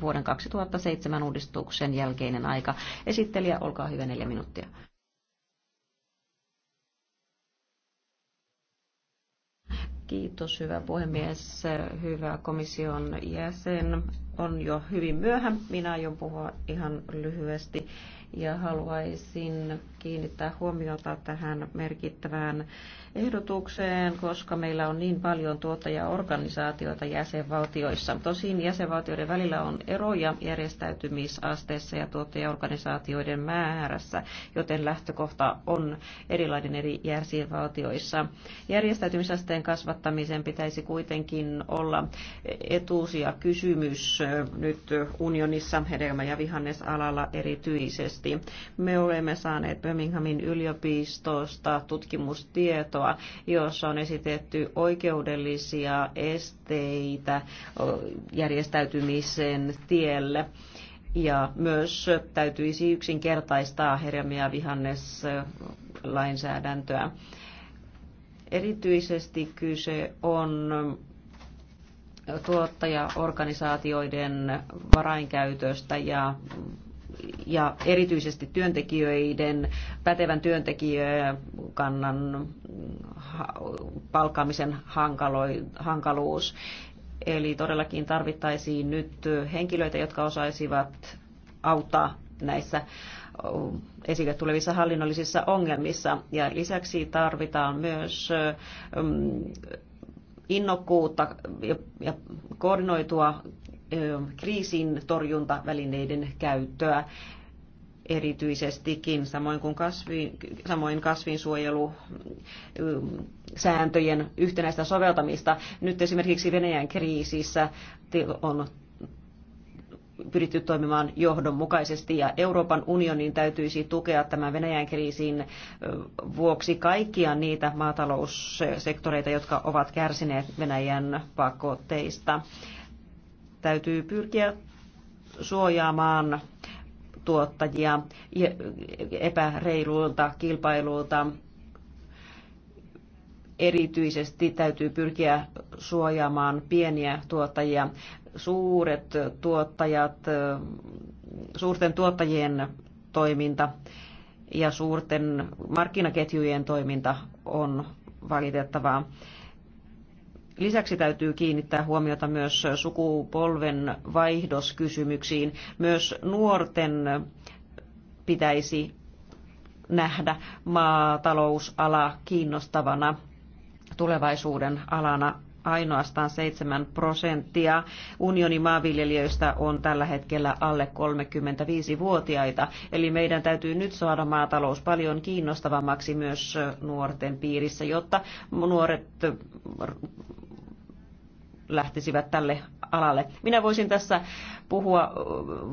vuoden 2007 uudistuksen jälkeinen aika. Esittelijä, olkaa hyvä, neljä minuuttia. Kiitos, hyvä puhemies, hyvä komission jäsen on jo hyvin myöhä. Minä aion puhua ihan lyhyesti ja haluaisin kiinnittää huomiota tähän merkittävään ehdotukseen, koska meillä on niin paljon tuottajaorganisaatioita jäsenvaltioissa. Tosin jäsenvaltioiden välillä on eroja järjestäytymisasteessa ja tuottajaorganisaatioiden määrässä, joten lähtökohta on erilainen eri jäsenvaltioissa. Järjestäytymisasteen kasvattamisen pitäisi kuitenkin olla etuusia kysymys nyt unionissa hedelmä- ja vihannesalalla erityisesti. Me olemme saaneet Birminghamin yliopistosta tutkimustietoa, jossa on esitetty oikeudellisia esteitä järjestäytymisen tielle. Ja myös täytyisi yksinkertaistaa hedelmä- ja vihanneslainsäädäntöä. Erityisesti kyse on tuottajaorganisaatioiden varainkäytöstä ja ja erityisesti työntekijöiden, pätevän työntekijäkannan palkkaamisen hankaluus. Eli todellakin tarvittaisiin nyt henkilöitä, jotka osaisivat auttaa näissä esille tulevissa hallinnollisissa ongelmissa. Ja lisäksi tarvitaan myös innokkuutta ja koordinoitua kriisin torjuntavälineiden käyttöä erityisestikin, samoin kuin kasvi, samoin kasvinsuojelusääntöjen yhtenäistä soveltamista. Nyt esimerkiksi Venäjän kriisissä on pyritty toimimaan johdonmukaisesti ja Euroopan unionin täytyisi tukea tämän Venäjän kriisin vuoksi kaikkia niitä maataloussektoreita, jotka ovat kärsineet Venäjän pakotteista. Täytyy pyrkiä suojaamaan tuottajia epäreilulta kilpailulta erityisesti täytyy pyrkiä suojaamaan pieniä tuottajia. Suuret tuottajat, suurten tuottajien toiminta ja suurten markkinaketjujen toiminta on valitettavaa. Lisäksi täytyy kiinnittää huomiota myös sukupolven vaihdoskysymyksiin. Myös nuorten pitäisi nähdä maatalousala kiinnostavana tulevaisuuden alana ainoastaan 7 prosenttia. Unionin maanviljelijöistä on tällä hetkellä alle 35-vuotiaita, eli meidän täytyy nyt saada maatalous paljon kiinnostavammaksi myös nuorten piirissä, jotta nuoret lähtisivät tälle alalle. Minä voisin tässä puhua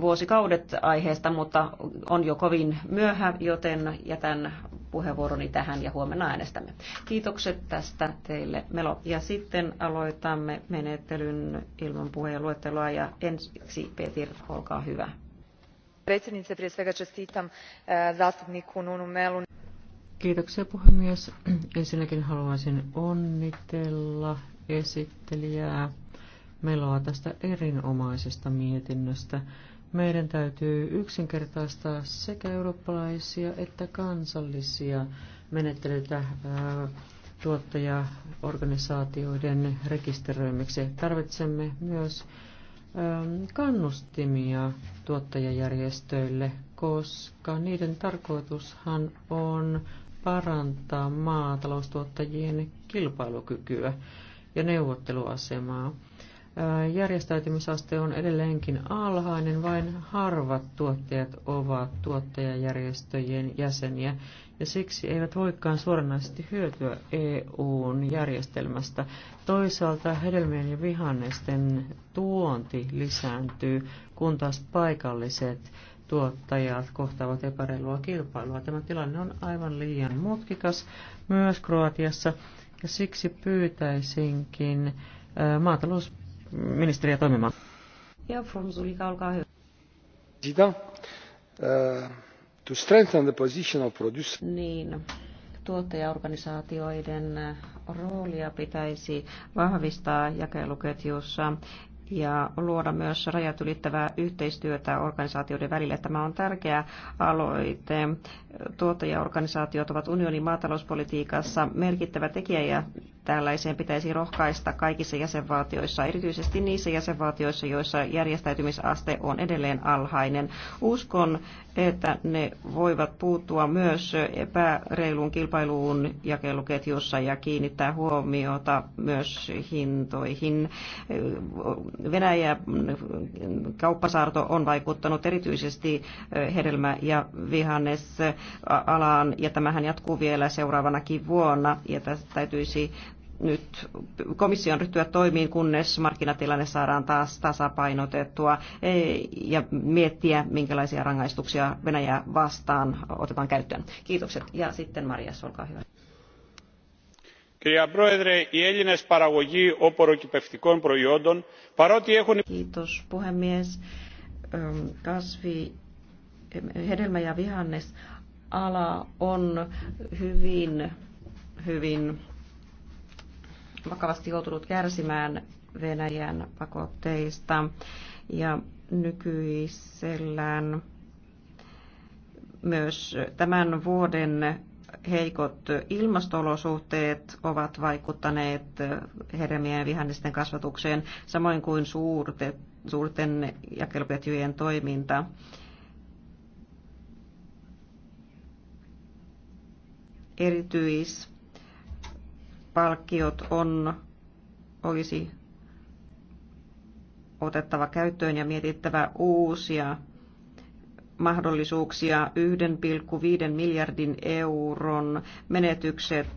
vuosikaudet aiheesta, mutta on jo kovin myöhä, joten jätän puheenvuoroni tähän ja huomenna äänestämme. Kiitokset tästä teille Melo. Ja sitten aloitamme menettelyn ilman puheen luetteloa ja ensiksi Petir, olkaa hyvä. Predsjednice, prije svega čestitam e, zastupniku Nunu Melun. Kiitoksia puhemies. Ensinnäkin haluaisin onnitella esittelijää Meloa tästä erinomaisesta mietinnöstä. Meidän täytyy yksinkertaistaa sekä eurooppalaisia että kansallisia menettelyitä äh, tuottajaorganisaatioiden rekisteröimiksi. Tarvitsemme myös ähm, kannustimia tuottajajärjestöille, koska niiden tarkoitushan on parantaa maataloustuottajien kilpailukykyä ja neuvotteluasemaa. Järjestäytymisaste on edelleenkin alhainen, vain harvat tuottajat ovat tuottajajärjestöjen jäseniä ja siksi eivät voikaan suoranaisesti hyötyä EUn järjestelmästä. Toisaalta hedelmien ja vihannesten tuonti lisääntyy, kun taas paikalliset tuottajat kohtaavat epäreilua kilpailua. Tämä tilanne on aivan liian mutkikas myös Kroatiassa ja siksi pyytäisinkin maatalousministeriä toimimaan. Ja from Zulika, olkaa hyvä. Sitä, euh, to strengthen the position of producer. Niin, tuottajaorganisaatioiden roolia pitäisi vahvistaa jakeluketjussa ja luoda myös rajat ylittävää yhteistyötä organisaatioiden välillä. Tämä on tärkeä aloite. Tuottajaorganisaatiot ovat unionin maatalouspolitiikassa merkittävä tekijä ja tällaiseen pitäisi rohkaista kaikissa jäsenvaltioissa, erityisesti niissä jäsenvaltioissa, joissa järjestäytymisaste on edelleen alhainen. Uskon, että ne voivat puuttua myös epäreiluun kilpailuun jakeluketjussa ja kiinnittää huomiota myös hintoihin. Venäjä kauppasaarto on vaikuttanut erityisesti hedelmä- ja vihannesalaan, ja tämähän jatkuu vielä seuraavanakin vuonna, ja tästä täytyisi nyt komission ryhtyä toimiin, kunnes markkinatilanne saadaan taas tasapainotettua ja miettiä, minkälaisia rangaistuksia Venäjää vastaan otetaan käyttöön. Kiitokset. Ja sitten Maria olkaa hyvä. Kiitos, puhemies. Kasvi, hedelmä ja vihannes ala on hyvin, hyvin vakavasti joutunut kärsimään Venäjän pakotteista ja nykyisellään myös tämän vuoden heikot ilmastolosuhteet ovat vaikuttaneet hedelmien ja kasvatukseen, samoin kuin suurte, suurten jakeluketjujen toiminta. Erityis palkkiot on, olisi otettava käyttöön ja mietittävä uusia mahdollisuuksia 1,5 miljardin euron menetykset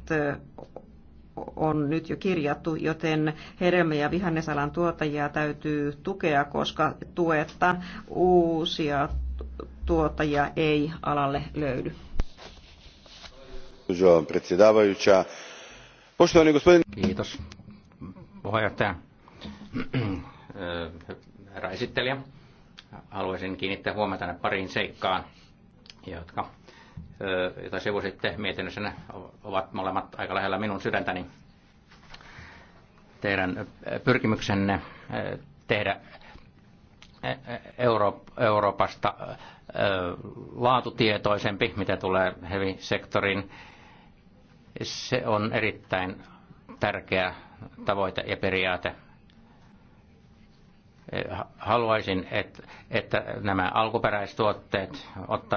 on nyt jo kirjattu, joten hedelmä- ja vihannesalan tuottajia täytyy tukea, koska tuetta uusia tuottajia ei alalle löydy. Gospođo predsjedavajuća, Kiitos, puheenjohtaja. Äh, herra esittelijä, haluaisin kiinnittää huomiota pariin seikkaan, jotka äh, jota sivusitte mietinnössä, ovat molemmat aika lähellä minun sydäntäni. Teidän pyrkimyksenne äh, tehdä Euroopasta laatutietoisempi, mitä tulee heavy sektorin se on erittäin tärkeä tavoite ja periaate. Haluaisin, että, nämä alkuperäistuotteet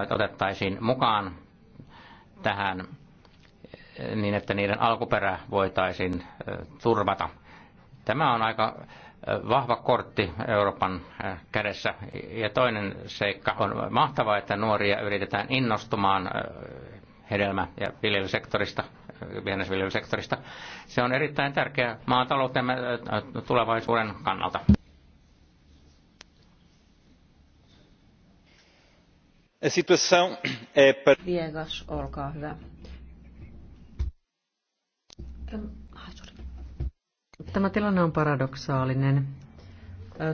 otettaisiin mukaan tähän niin, että niiden alkuperä voitaisiin turvata. Tämä on aika vahva kortti Euroopan kädessä. Ja toinen seikka on mahtavaa, että nuoria yritetään innostumaan hedelmä- ja viljelysektorista vihannesviljelysektorista. Se on erittäin tärkeä maataloutemme tulevaisuuden kannalta. situation Viegas, olkaa hyvä. Ah, Tämä tilanne on paradoksaalinen.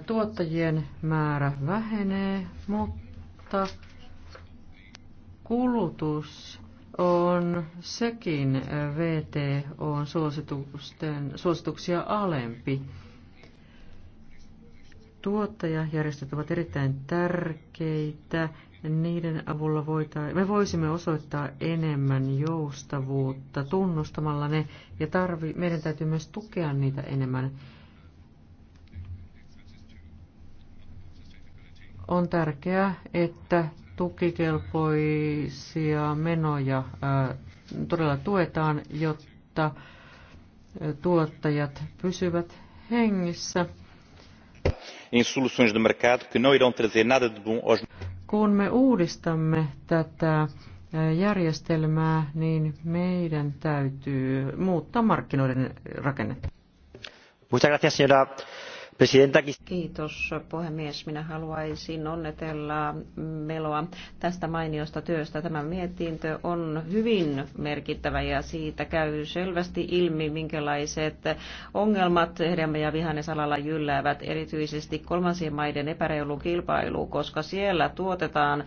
Tuottajien määrä vähenee, mutta kulutus on sekin VTOn suositusten, suosituksia alempi. Tuottajajärjestöt ovat erittäin tärkeitä. Niiden avulla voita, me voisimme osoittaa enemmän joustavuutta tunnustamalla ne ja tarvi, meidän täytyy myös tukea niitä enemmän. On tärkeää, että tukikelpoisia menoja todella tuetaan, jotta tuottajat pysyvät hengissä. Kun me uudistamme tätä järjestelmää, niin meidän täytyy muuttaa markkinoiden rakennetta. Muchas gracias, señora Kiitos puhemies. Minä haluaisin onnetella Meloa tästä mainiosta työstä. Tämä mietintö on hyvin merkittävä ja siitä käy selvästi ilmi, minkälaiset ongelmat hedelmä- ja vihannesalalla jylläävät erityisesti kolmansien maiden epäreilu kilpailu, koska siellä tuotetaan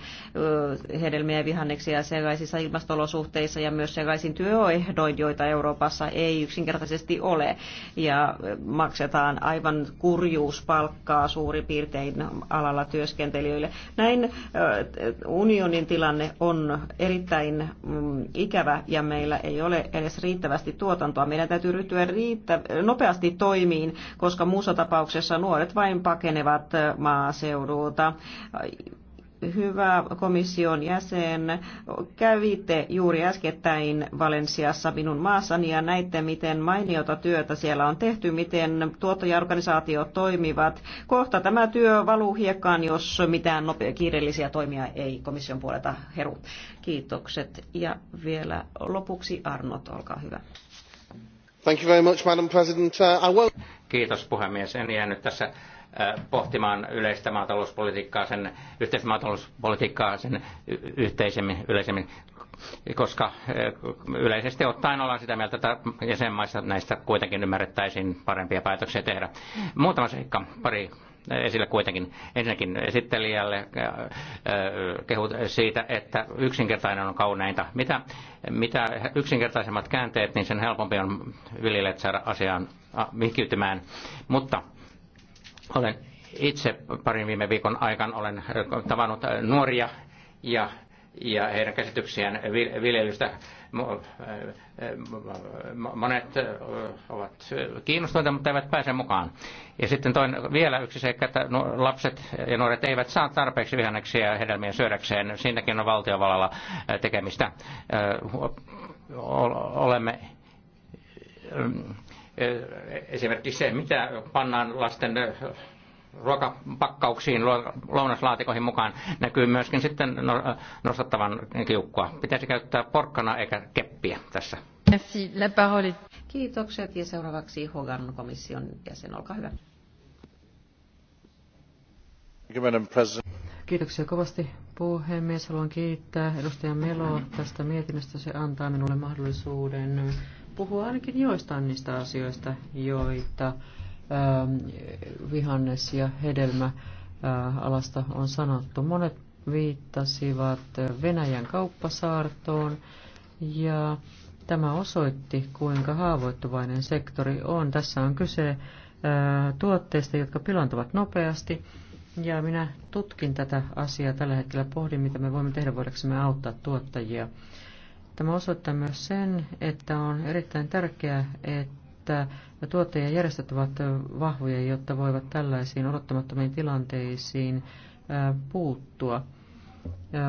hedelmiä ja vihanneksia sellaisissa ilmastolosuhteissa ja myös sellaisin työehdoin, joita Euroopassa ei yksinkertaisesti ole ja maksetaan aivan kur kurjuuspalkkaa suurin piirtein alalla työskentelijöille. Näin unionin tilanne on erittäin mm, ikävä ja meillä ei ole edes riittävästi tuotantoa. Meidän täytyy ryhtyä riittä, nopeasti toimiin, koska muussa tapauksessa nuoret vain pakenevat maaseudulta. Hyvä komission jäsen, kävitte juuri äskettäin Valensiassa minun maassani ja näitte, miten mainiota työtä siellä on tehty, miten tuottajaorganisaatiot toimivat. Kohta tämä työ valuu hiekkaan, jos mitään nopea, kiireellisiä toimia ei komission puolelta heru. Kiitokset. Ja vielä lopuksi Arnot, olkaa hyvä. Thank you very much, Madam President. Uh, I will... Kiitos puhemies. En jäänyt tässä pohtimaan yleistä maatalouspolitiikkaa, sen maatalouspolitiikkaa sen yhteisemmin, yleisemmin, koska yleisesti ottaen ollaan sitä mieltä, että jäsenmaissa näistä kuitenkin ymmärrettäisiin parempia päätöksiä tehdä. Muutama seikka, pari esille kuitenkin ensinnäkin esittelijälle kehut siitä, että yksinkertainen on kauneinta. Mitä, mitä yksinkertaisemmat käänteet, niin sen helpompi on viljelijät saada asiaan vihkiytymään. Mutta olen itse parin viime viikon aikana olen äh, tavannut äh, nuoria ja, ja heidän käsityksiään viljelystä. Äh, monet ovat kiinnostuneita, mutta eivät pääse mukaan. Ja sitten toinen vielä yksi seikka, että lapset ja nuoret eivät saa tarpeeksi vihanneksia ja hedelmien syödäkseen. Siinäkin on valtiovallalla tekemistä. Olemme Eh, esimerkiksi se, mitä pannaan lasten eh, ruokapakkauksiin, lounaslaatikoihin mukaan, näkyy myöskin sitten no-, nostattavan kiukkua. Pitäisi käyttää porkkana eikä keppiä tässä. Merci. La parole. Kiitokset ja seuraavaksi Hogan komission jäsen, olkaa hyvä. Kiitoksia kovasti puhemies. Haluan kiittää edustaja Meloa tästä mietinnöstä. Se antaa minulle mahdollisuuden puhua ainakin joistain niistä asioista, joita ähm, vihannes- ja hedelmäalasta on sanottu. Monet viittasivat Venäjän kauppasaartoon ja tämä osoitti, kuinka haavoittuvainen sektori on. Tässä on kyse äh, tuotteista, jotka pilantuvat nopeasti. Ja minä tutkin tätä asiaa tällä hetkellä, pohdin, mitä me voimme tehdä, voidaanko me auttaa tuottajia. Tämä osoittaa myös sen, että on erittäin tärkeää, että tuottajajärjestöt ovat vahvoja, jotta voivat tällaisiin odottamattomiin tilanteisiin puuttua.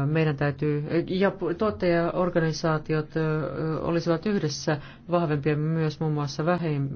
Meidän täytyy, ja tuottajaorganisaatiot olisivat yhdessä vahvempia myös muun muassa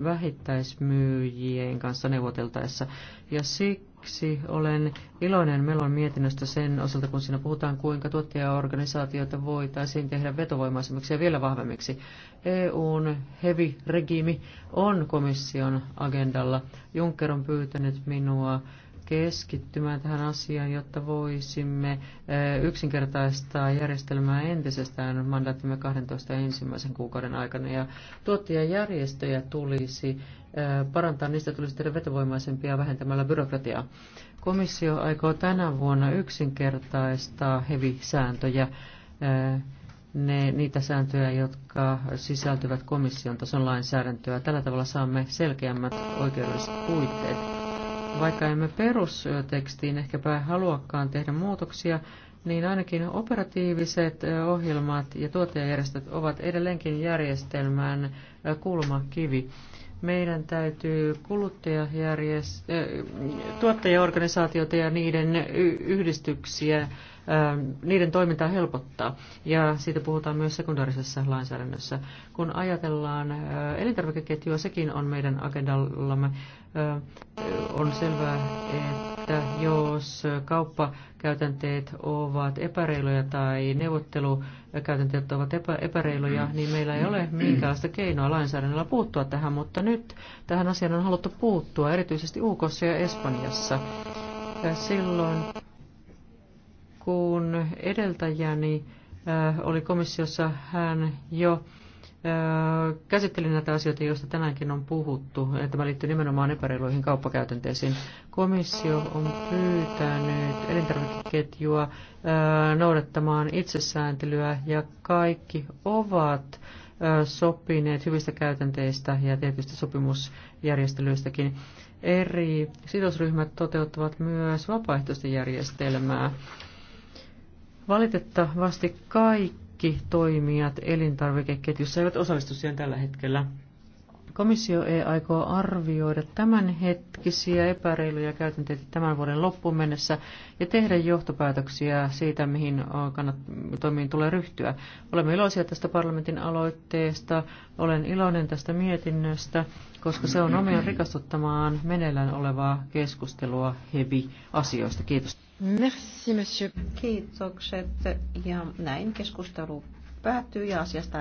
vähittäismyyjien kanssa neuvoteltaessa. Ja siksi Siksi olen iloinen Melon mietinnöstä sen osalta, kun siinä puhutaan, kuinka tuottajaorganisaatioita voitaisiin tehdä vetovoimaisemmiksi ja vielä vahvemmiksi. EUn hevi regiimi on komission agendalla. Juncker on pyytänyt minua keskittymään tähän asiaan, jotta voisimme eh, yksinkertaistaa järjestelmää entisestään mandaattimme 12 ensimmäisen kuukauden aikana. Ja tuottajajärjestöjä tulisi eh, parantaa, niistä tulisi tehdä vetovoimaisempia vähentämällä byrokratiaa. Komissio aikoo tänä vuonna yksinkertaistaa hevisääntöjä, eh, ne, niitä sääntöjä, jotka sisältyvät komission tason lainsäädäntöä. Tällä tavalla saamme selkeämmät oikeudelliset puitteet. Vaikka emme perustekstiin ehkäpä haluakaan tehdä muutoksia, niin ainakin operatiiviset ohjelmat ja tuottajajärjestöt ovat edelleenkin järjestelmän kulmakivi. Meidän täytyy kuluttajajärjest- tuottajaorganisaatioita ja niiden yhdistyksiä Ähm, niiden toimintaa helpottaa. Ja siitä puhutaan myös sekundaarisessa lainsäädännössä. Kun ajatellaan äh, elintarvikeketjua, sekin on meidän agendallamme. Äh, on selvää, että jos kauppakäytänteet ovat epäreiluja tai neuvottelukäytänteet ovat epä, epäreiluja, niin meillä ei ole minkäänlaista keinoa lainsäädännöllä puuttua tähän, mutta nyt tähän asiaan on haluttu puuttua, erityisesti UK ja Espanjassa. Äh, silloin kun edeltäjäni äh, oli komissiossa, hän jo äh, käsitteli näitä asioita, joista tänäänkin on puhuttu. Tämä liittyy nimenomaan epäreiluihin kauppakäytänteisiin. Komissio on pyytänyt elintarvikeketjua äh, noudattamaan itsesääntelyä ja kaikki ovat sopineet hyvistä käytänteistä ja tietysti sopimusjärjestelyistäkin. Eri sidosryhmät toteuttavat myös vapaaehtoista järjestelmää. Valitettavasti kaikki toimijat elintarvikeketjussa eivät osallistu siihen tällä hetkellä. Komissio ei aikoo arvioida tämänhetkisiä epäreiluja käytänteitä tämän vuoden loppuun mennessä ja tehdä johtopäätöksiä siitä, mihin kannat, toimiin tulee ryhtyä. Olemme iloisia tästä parlamentin aloitteesta, olen iloinen tästä mietinnöstä, koska se on omiaan rikastuttamaan meneillään olevaa keskustelua hevi-asioista. Kiitos. Merci, monsieur. Kiitokset. Ja näin keskustelu päättyy ja asiasta